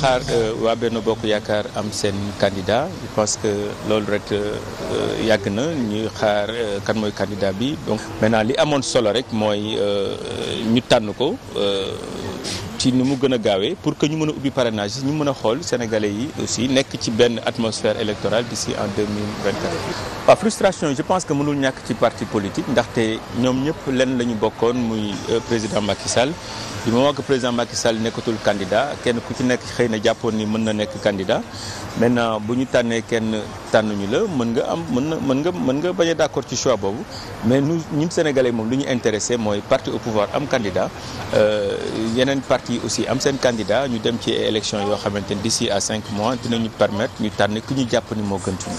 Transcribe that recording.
xaar euh, waa Benno Bokk Yaakaar am seen candidat je que loolu rek euh, euh, yàgg na ñuy xaar kan mooy candidat bi donc maintenant li amoon solo rek mooy ñu tànn ko ci ni mu gën a gaawee pour que ñu mën a ubbi parrainage ñu mën a xool sénégalais yi aussi nekk ci benn atmosphère électorale si en 2024. waaw frustration je pense que mënul ñàkk ci parti politique ndaxte ñoom ñëpp lenn la ñu bokkoon muy euh, président Macky Sall du moment que président Macky Sall nekkatul candidat kenn ku ci nekk xëy na jàppoon ni mën na nekk candidat maintenant bu ñu tànnee kenn tànn ñu la mën nga am mën na mën nga mën nga bañ a d'accord ci choix boobu mais nous ñun sénégalais moom lu ñu intéressé mooy parti au am candidat euh, yi aussi am seen candidat ñu dem ci élection yoo xamante ni d'ici à cinq mois dinañu permettre ñu tànn ki ñu jàpp ni moo gën